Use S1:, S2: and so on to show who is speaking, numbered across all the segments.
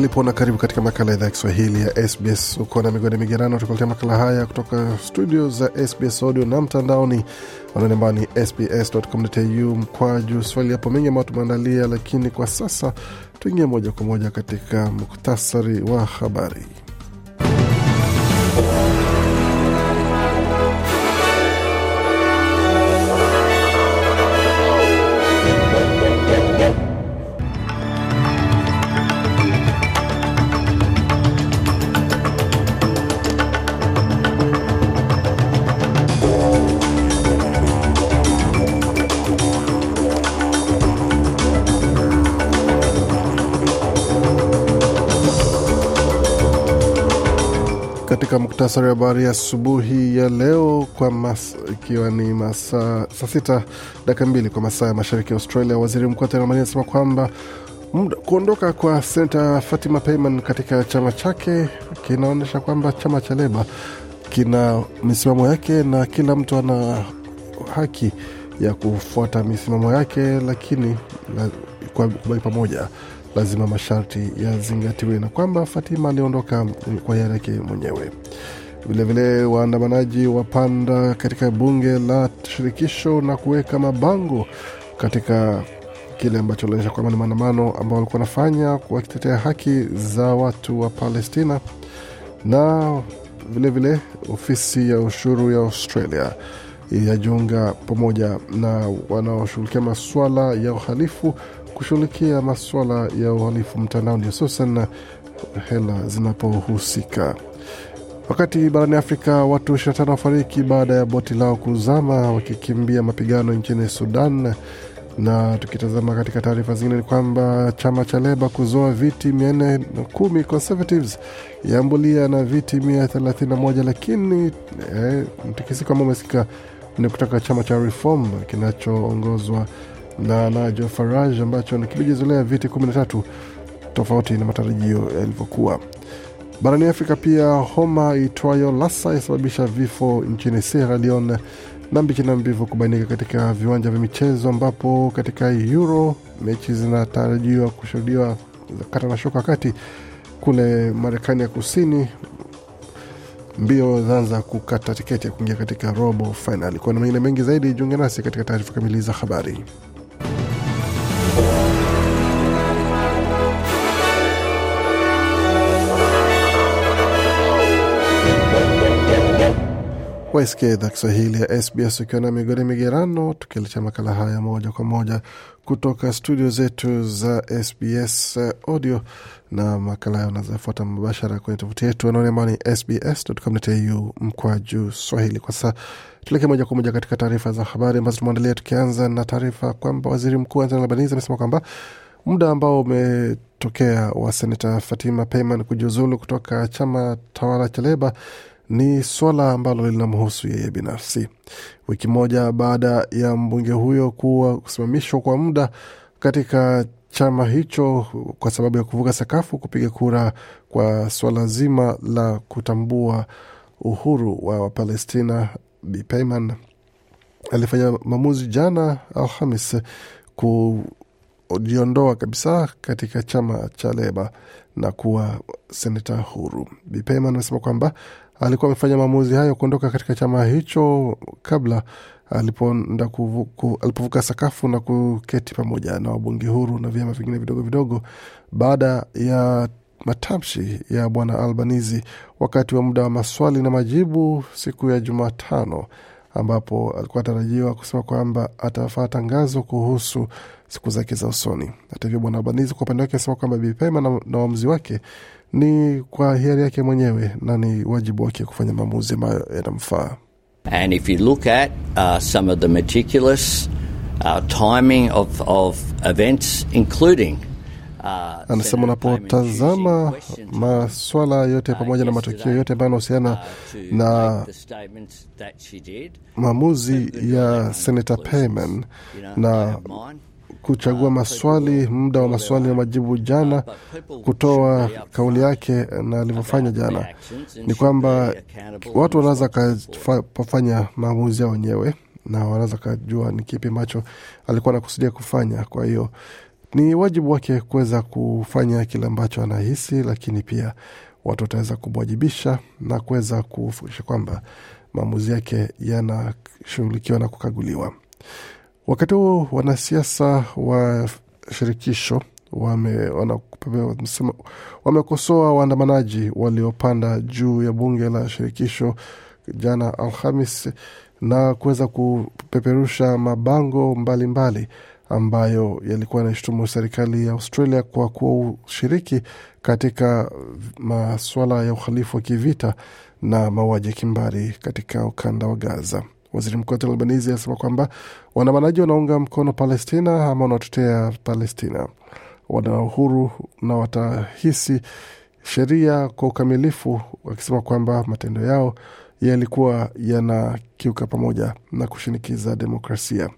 S1: alipo na karibu katika makala idhaa ya Kiswahili ya SBS. Uko na migode migerano, tukuletea makala haya kutoka studio za SBS audio na mtandaoni anani ambao ni sbs.com.au mkwaju swali. yapo mengi ambayo tumeandalia, lakini kwa sasa tuingie moja kwa moja katika muktasari wa habari. katika muktasari wa habari asubuhi ya, ya leo kwa mas, ikiwa ni masaa saa sita dakika mbili kwa masaa ya mashariki ya Australia. Waziri Mkuu Thermani anasema kwamba kuondoka kwa senata Fatima Payman katika chama chake kinaonyesha kwamba chama cha Leba kina misimamo yake na kila mtu ana haki ya kufuata misimamo yake, lakini la, kwa kubaki pamoja lazima masharti yazingatiwe na kwamba Fatima aliondoka kwa hiari yake mwenyewe. Vilevile waandamanaji wapanda katika bunge la shirikisho na kuweka mabango katika kile ambacho linaonyesha kwamba ni maandamano ambao walikuwa wanafanya wakitetea haki za watu wa Palestina. Na vilevile vile, ofisi ya ushuru ya Australia yajiunga pamoja na wanaoshughulikia masuala ya uhalifu kushughulikia masuala ya uhalifu mtandaoni, hususan hela zinapohusika. Wakati barani Afrika watu 25 wafariki baada ya boti lao kuzama wakikimbia mapigano nchini Sudan. Na tukitazama katika taarifa zingine ni kwamba chama cha Leba kuzoa viti 410 Conservatives yaambulia na viti 131, lakini eh, mtikisiko ambao umesikika ni kutoka chama cha Reform kinachoongozwa na Nigel Farage ambacho nakimejizolea viti 13 tofauti na matarajio yalivyokuwa. Barani Afrika pia homa itwayo Lassa yasababisha vifo nchini Sierra Leone na mbichi na mbivu kubainika katika viwanja vya michezo, ambapo katika Euro mechi zinatarajiwa kushuhudiwa kata na shoka kati kule Marekani ya Kusini mbio zaanza kukata tiketi ya kuingia katika robo fainali. Kwa na mengine mengi zaidi, jiunge nasi katika taarifa kamili za habari. waisikia idhaa Kiswahili ya SBS ukiwa na migodi migerano, tukiletea makala haya moja kwa moja kutoka studio zetu za SBS uh, Audio, na makala hayo unazafuata mubashara kwenye tovuti yetu anaoni ambao ni sbs.com.au mkwa juu swahili. Kwa sasa tuelekee moja kwa moja katika taarifa za habari ambazo tumeandalia, tukianza na taarifa kwamba waziri mkuu Anthony Albanese amesema kwamba muda ambao umetokea wa senata Fatima Payman kujiuzulu kutoka chama tawala cha Leba ni swala ambalo linamhusu yeye binafsi. Wiki moja baada ya mbunge huyo kuwa kusimamishwa kwa muda katika chama hicho kwa sababu ya kuvuka sakafu kupiga kura kwa swala zima la kutambua uhuru wa Wapalestina, Bi alifanya maamuzi jana Alhamis kujiondoa kabisa katika chama cha Leba na kuwa seneta huru. Bi amesema kwamba alikuwa amefanya maamuzi hayo kuondoka katika chama hicho kabla alipovuka sakafu na kuketi pamoja na wabunge huru na vyama vingine vidogo vidogo baada ya matamshi ya bwana Albanizi wakati wa muda wa maswali na majibu siku ya Jumatano ambapo alikuwa atarajiwa kusema kwamba atafaa tangazo kuhusu siku zake za usoni. Hata hivyo, bwana Albanizi kwa upande wake anasema kwamba Bi Pema na, uamuzi wake ni kwa hiari yake mwenyewe na ni wajibu wake kufanya maamuzi ambayo yanamfaa. And if you look at uh, some of the meticulous uh, timing of, of events including Uh, Anasema unapotazama maswala yote pamoja na matukio yote ambayo yanahusiana uh, na maamuzi ya senata Payman na kuchagua uh, maswali, muda wa maswali na majibu jana, kutoa kauli yake na alivyofanya jana, ni kwamba watu wanaweza wakafanya maamuzi yao wenyewe na wanaweza kajua ni kipi ambacho alikuwa anakusudia kufanya. Kwa hiyo ni wajibu wake kuweza kufanya kile ambacho anahisi, lakini pia watu wataweza kumwajibisha na kuweza kufurisha kwamba maamuzi yake yanashughulikiwa na kukaguliwa. Wakati huo wanasiasa wa shirikisho wamekosoa wame waandamanaji waliopanda juu ya bunge la shirikisho jana Alhamis na kuweza kupeperusha mabango mbalimbali mbali ambayo yalikuwa yanashutumu serikali ya Australia kwa kuwa ushiriki katika masuala ya uhalifu wa kivita na mauaji ya kimbari katika ukanda wa Gaza. Waziri Mkuu Anthony Albanese anasema kwamba waandamanaji wanaunga mkono Palestina ama wanaotetea Palestina wana uhuru na watahisi sheria kwa ukamilifu, wakisema kwamba matendo yao yalikuwa yanakiuka pamoja na kushinikiza demokrasia.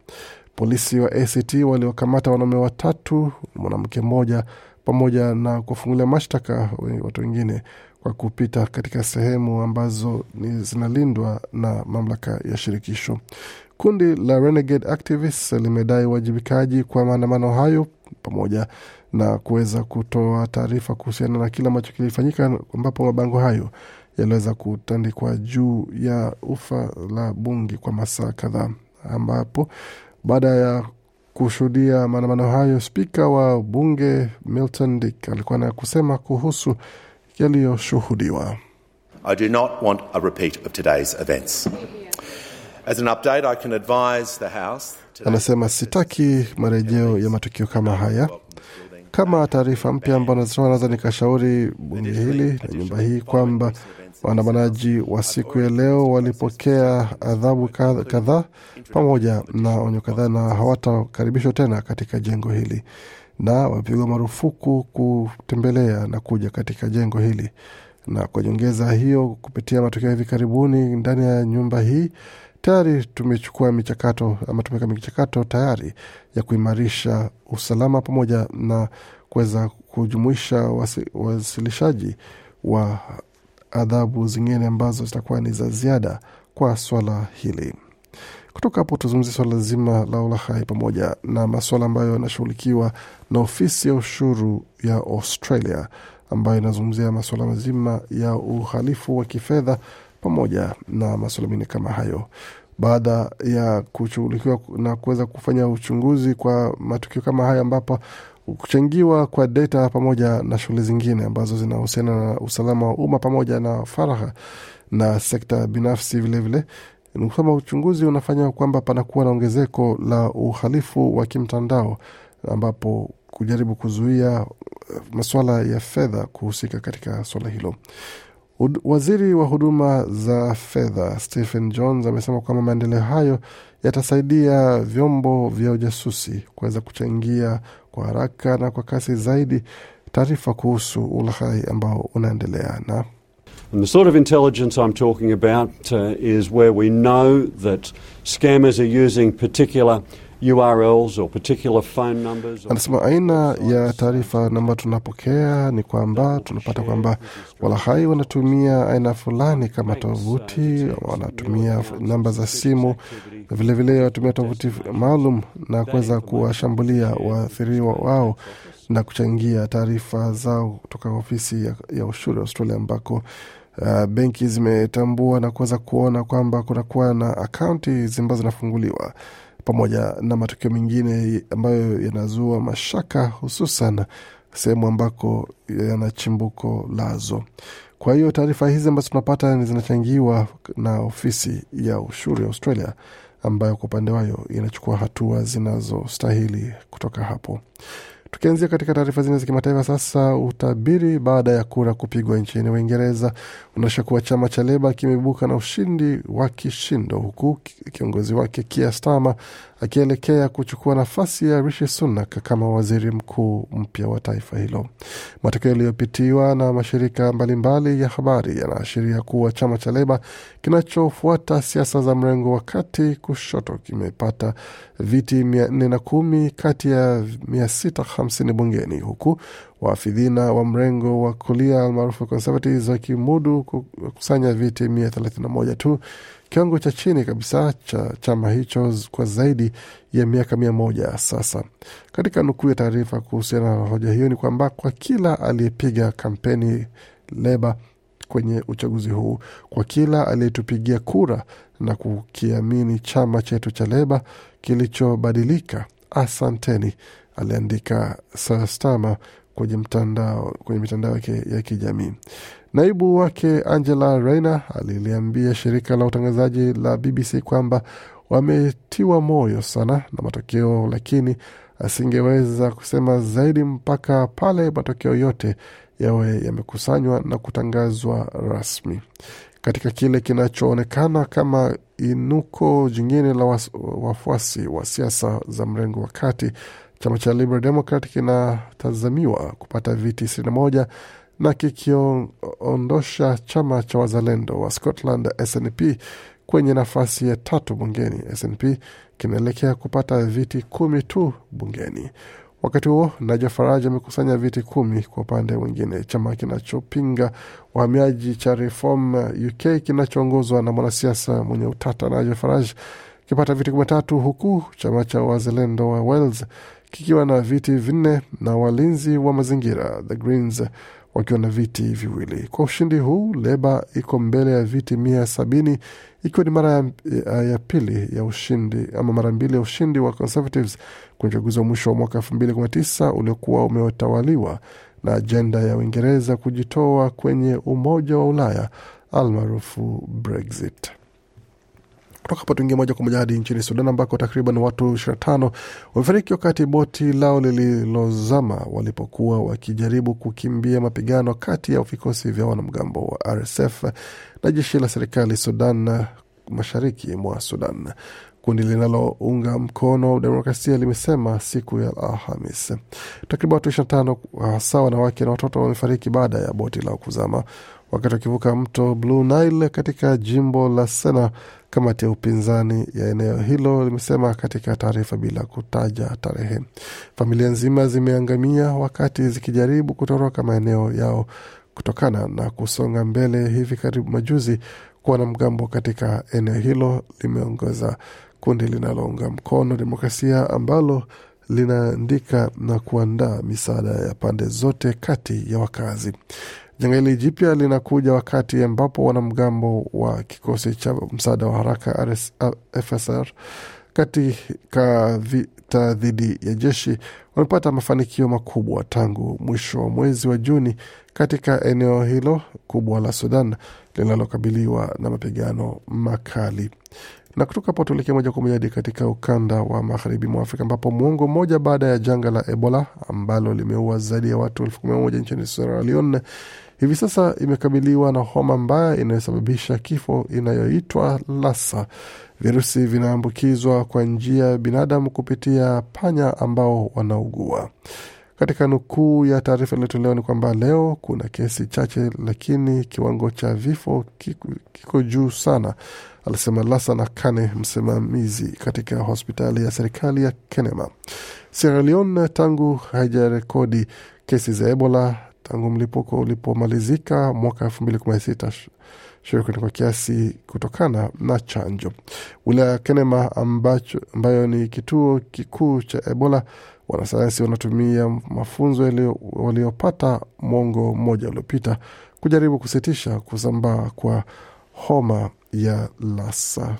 S1: Polisi wa ACT waliokamata wanaume watatu, mwanamke mmoja, pamoja na kuwafungulia mashtaka watu wengine kwa kupita katika sehemu ambazo ni zinalindwa na mamlaka ya shirikisho. Kundi la Renegade Activists limedai uwajibikaji kwa maandamano hayo pamoja na kuweza kutoa taarifa kuhusiana na kile ambacho kilifanyika, ambapo mabango hayo yaliweza kutandikwa juu ya ufa la bunge kwa masaa kadhaa ambapo baada ya kushuhudia maandamano hayo, spika wa bunge Milton Dick alikuwa na kusema kuhusu yaliyoshuhudiwa. I do not want a repeat of today's events. As an update, I can advise the House. Anasema sitaki marejeo ya matukio kama haya. Kama taarifa mpya ambayo nasema, naweza nikashauri bunge hili na nyumba hii kwamba waandamanaji wa siku ya leo walipokea adhabu kadhaa pamoja na onyo kadhaa, na hawatakaribishwa tena katika jengo hili na wamepigwa marufuku kutembelea na kuja katika jengo hili. Na kwa nyongeza hiyo, kupitia matokeo ya hivi karibuni ndani ya nyumba hii Tayari tumechukua michakato ama tumeweka michakato tayari ya kuimarisha usalama pamoja na kuweza kujumuisha wasilishaji wa adhabu zingine ambazo zitakuwa ni za ziada kwa swala hili. Kutoka hapo tuzungumzia swala zima la ulahai pamoja na maswala ambayo yanashughulikiwa na ofisi ya ushuru ya Australia ambayo inazungumzia masuala mazima ya uhalifu wa kifedha pamoja na maswala mengine kama hayo baada ya kushughulikiwa na kuweza kufanya uchunguzi kwa matukio kama haya ambapo kuchangiwa kwa data pamoja na shughuli zingine ambazo zinahusiana na usalama wa umma pamoja na faraha na sekta binafsi vilevile. Ni kusema uchunguzi unafanya kwamba panakuwa na ongezeko la uhalifu wa kimtandao ambapo kujaribu kuzuia eh, masuala ya fedha kuhusika katika suala hilo. Ud, waziri wa huduma za fedha Stephen Jones amesema kwamba maendeleo hayo yatasaidia vyombo vya ujasusi kuweza kuchangia kwa haraka na kwa kasi zaidi taarifa kuhusu ulaghai ambao unaendelea na And the sort of intelligence I'm talking about uh, is where we know that scammers are using particular URLs or particular phone numbers. Anasema aina ya taarifa namba tunapokea ni kwamba tunapata kwamba walahai wanatumia aina fulani kama tovuti, wanatumia namba za simu, vilevile wanatumia tovuti maalum na kuweza kuwashambulia waathiriwa wao na kuchangia taarifa zao kutoka ofisi ya, ya ushuru ya Australia ambako Uh, benki zimetambua na kuweza kuona kwamba kunakuwa na akaunti ambazo zinafunguliwa pamoja na matukio mengine ambayo yanazua mashaka, hususan sehemu ambako yana chimbuko lazo. Kwa hiyo taarifa hizi ambazo tunapata zinachangiwa na ofisi ya ushuru ya Australia ambayo kwa upande wayo inachukua hatua zinazostahili kutoka hapo. Tukianzia katika taarifa zingine za kimataifa sasa, utabiri baada ya kura kupigwa nchini Uingereza unaonyesha kuwa chama cha Leba kimeibuka na ushindi wa kishindo, huku kiongozi wake Keir Starmer akielekea kuchukua nafasi ya Rishi Sunak kama waziri mkuu mpya wa taifa hilo. Matokeo yaliyopitiwa na mashirika mbalimbali mbali ya habari yanaashiria kuwa chama cha Leba kinachofuata siasa za mrengo wa kati kushoto kimepata viti mia kati ya 650 bungeni huku waafidhina wa mrengo wa kulia almaarufu conservatives wakimudu kukusanya viti mia tu kiwango cha chini kabisa cha chama hicho kwa zaidi ya miaka mia moja sasa. Katika nukuu ya taarifa kuhusiana na hoja hiyo ni kwamba kwa kila aliyepiga kampeni Leba kwenye uchaguzi huu, kwa kila aliyetupigia kura na kukiamini chama chetu cha Leba kilichobadilika, asanteni, aliandika Sir Starmer kwenye mtandao kwenye mitandao ya kijamii. Naibu wake Angela Rayner aliliambia shirika la utangazaji la BBC kwamba wametiwa moyo sana na matokeo, lakini asingeweza kusema zaidi mpaka pale matokeo yote yawe yamekusanywa na kutangazwa rasmi. Katika kile kinachoonekana kama inuko jingine la wafuasi wa siasa za mrengo wa kati Chama cha Liberal Democrat kinatazamiwa kupata viti 21 na kikiondosha chama cha wazalendo wa Scotland SNP kwenye nafasi ya tatu bungeni. SNP kinaelekea kupata viti kumi tu bungeni. Wakati huo Naja Faraj amekusanya viti kumi. Kwa upande mwingine, chama kinachopinga uhamiaji cha Reform UK kinachoongozwa na mwanasiasa mwenye utata Naja Faraj kipata viti kumi na tatu huku chama cha wazalendo wa Wales kikiwa na viti vinne na walinzi wa mazingira the Greens wakiwa na viti viwili. Kwa ushindi huu, Leba iko mbele ya viti mia sabini ikiwa ni mara ya, eh, ya pili ya ushindi ama mara mbili ya ushindi wa Conservatives kwenye uchaguzi wa mwisho wa mwaka elfu mbili kumi na tisa uliokuwa umetawaliwa na ajenda ya Uingereza kujitoa kwenye Umoja wa Ulaya almaarufu Brexit. Kutoka hapo tuingia moja kwa moja hadi nchini Sudan ambako takriban watu 25 wamefariki wakati boti lao lililozama walipokuwa wakijaribu kukimbia mapigano kati ya vikosi vya wanamgambo wa RSF na jeshi la serikali Sudan mashariki mwa Sudan. Kundi linalounga mkono demokrasia limesema siku ya Alhamis takriban watu 25 hasa ah, wanawake na watoto wamefariki baada ya boti la kuzama wakati wakivuka mto Blue Nile katika jimbo la Sena. Kamati ya upinzani ya eneo hilo limesema katika taarifa bila kutaja tarehe. Familia nzima zimeangamia wakati zikijaribu kutoroka maeneo yao kutokana na kusonga mbele hivi karibu majuzi kwa wanamgambo katika eneo hilo limeongeza kundi linalounga mkono demokrasia ambalo linaandika na kuandaa misaada ya pande zote kati ya wakazi. Janga hili jipya linakuja wakati ambapo wanamgambo wa kikosi cha msaada wa haraka FSR katika vita dhidi ya jeshi wamepata mafanikio makubwa tangu mwisho wa mwezi wa Juni katika eneo hilo kubwa la Sudan linalokabiliwa na mapigano makali. Na kutoka hapo tuelekee moja kwa moja hadi katika ukanda wa magharibi mwa Afrika, ambapo mwongo mmoja baada ya janga la Ebola ambalo limeua zaidi ya watu elfu kumi na moja nchini Sierra Leone hivi sasa imekabiliwa na homa mbaya inayosababisha kifo inayoitwa Lassa. Virusi vinaambukizwa kwa njia ya binadamu kupitia panya ambao wanaugua. Katika nukuu ya taarifa iliyotolewa ni kwamba leo kuna kesi chache, lakini kiwango cha vifo kiko, kiko juu sana, alisema na Kane, msimamizi katika hospitali ya serikali ya Kenema. Sierra Leone tangu haijarekodi kesi za Ebola tangu mlipuko ulipomalizika mwaka elfu mbili kumi na sita shirikani kwa kiasi kutokana na chanjo. Wilaya ya Kenema ambacho, ambayo ni kituo kikuu cha Ebola Wanasayansi wanatumia mafunzo waliopata mwongo mmoja uliopita kujaribu kusitisha kusambaa kwa homa ya Lassa.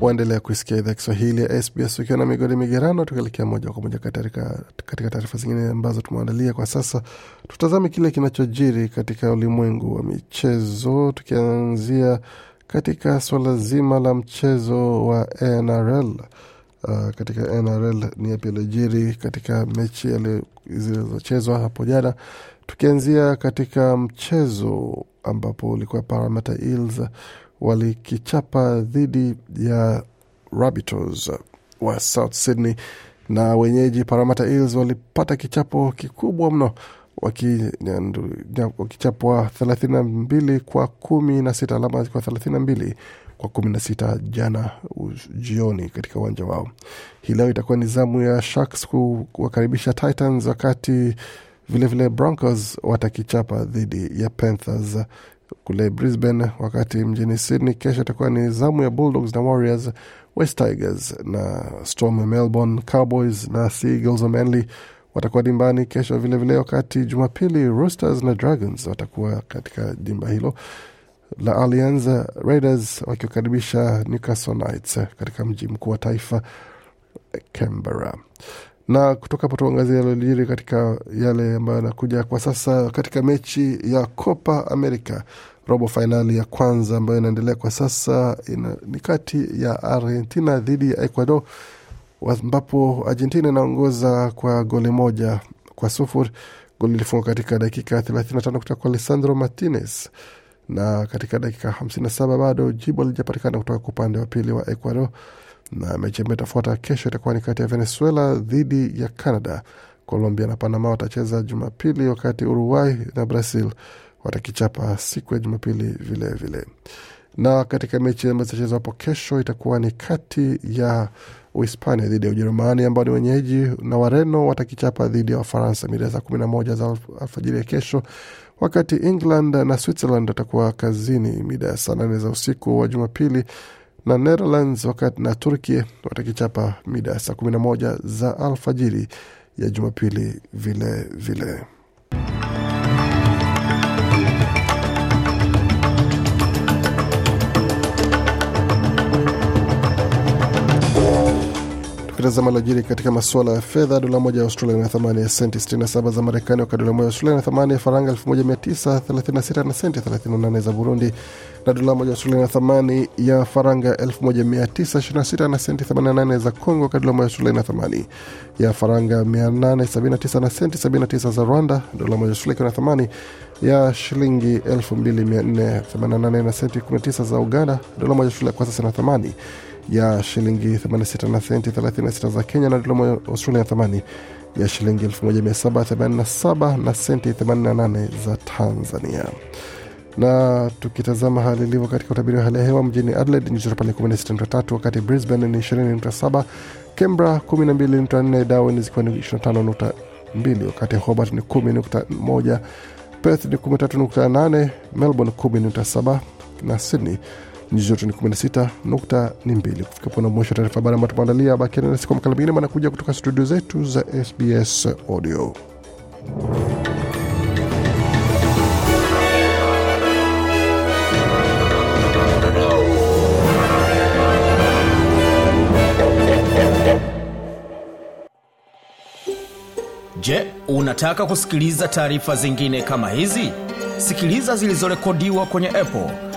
S1: Waendelea kuisikia idhaa Kiswahili ya SBS ukiwa na migodi migerano, tukielekea moja kwa moja katika taarifa zingine ambazo tumeandalia kwa sasa. Tutazame kile kinachojiri katika ulimwengu wa michezo, tukianzia katika swala zima la mchezo wa NRL. Uh, ah, katika NRL ni yapi yaliyojiri katika mechi zilizochezwa hapo jana, tukianzia katika mchezo ambapo ulikuwa Parramatta Eels walikichapa dhidi ya Rabbitohs wa South Sydney, na wenyeji Parramatta Eels walipata kichapo kikubwa mno wakichapwa thelathini na mbili kwa kumi na sita alama kwa thelathini na mbili kwa kumi na sita jana jioni katika uwanja wao. Hii leo itakuwa ni zamu ya Sharks kuwakaribisha Titans, wakati vilevile vile Broncos watakichapa dhidi ya Panthers kule Brisbane, wakati mjini Sydney kesho itakuwa ni zamu ya Bulldogs na Warriors, West Tigers na Storm Melbourne, Cowboys na Seagulls wa Manly watakuwa dimbani kesho vilevile, wakati Jumapili Roosters na Dragons watakuwa katika dimba hilo la Allianz, Raiders wakiwakaribisha Newcastle Knights katika mji mkuu wa taifa Canberra. Na kutoka hapo tuangazie yaliyojiri katika yale ambayo yanakuja kwa sasa katika mechi ya Copa America robo fainali ya kwanza ambayo inaendelea kwa sasa ina, ni kati ya Argentina dhidi ya Ecuador ambapo Argentina inaongoza kwa goli moja kwa sufuri. Goli ilifungwa katika dakika 35 kutoka kwa Alessandro Martinez na katika dakika 57 bado jibu alijapatikana kutoka kwa upande wa pili wa Ecuador. Na mechi ambayo itafuata kesho itakuwa ni kati ya Venezuela dhidi ya Canada. Colombia na Panama watacheza Jumapili, wakati Uruguay na Brazil watakichapa siku ya Jumapili vilevile vile. Na katika mechi ambazo zitachezwa hapo kesho itakuwa ni kati ya Uhispania dhidi ya Ujerumani ambao ni wenyeji na Wareno watakichapa dhidi ya Wafaransa mida za kumi na moja za alfajiri ya kesho, wakati England na Switzerland watakuwa kazini mida ya saa nane za usiku wa Jumapili na Netherlands wakati na turki watakichapa mida ya saa kumi na moja za alfajiri ya Jumapili vile vile. Tukitazama lajiri katika masuala ya fedha, dola moja ya Australia na thamani ya senti 67 za Marekani, wakati dola moja ya Australia na thamani ya faranga 1936 na senti 38 za Burundi, na dola moja ya Australia na thamani ya faranga 1926 na senti 88 za Kongo, wakati dola moja ya Australia na thamani ya faranga 879 na senti 79 za Rwanda, dola moja ya Australia na thamani ya shilingi 2488 na senti 19 za Uganda, dola moja ya Australia kwa sasa na thamani ya shilingi 86 na senti 36 za Kenya na dola moja Australia ya thamani ya shilingi 1787 na senti 88 za Tanzania. Na tukitazama hali ilivyo katika utabiri wa hali ya hewa, mjini Adelaide ni joto pale 16.3, wakati Brisbane ni 20.7, Canberra 12.4, Darwin zikiwa ni 25.2, wakati Hobart ni 10.1, Perth ni 13.8, Melbourne 10.7 na Sydney nyuzi joto ni mbili. Kufika pona mwisho taarifa habari ambayo tumeandalia, bakiani nasi kwa makala mengine manakuja kutoka studio zetu za SBS Audio. Je, unataka kusikiliza taarifa zingine kama hizi? Sikiliza zilizorekodiwa kwenye Apple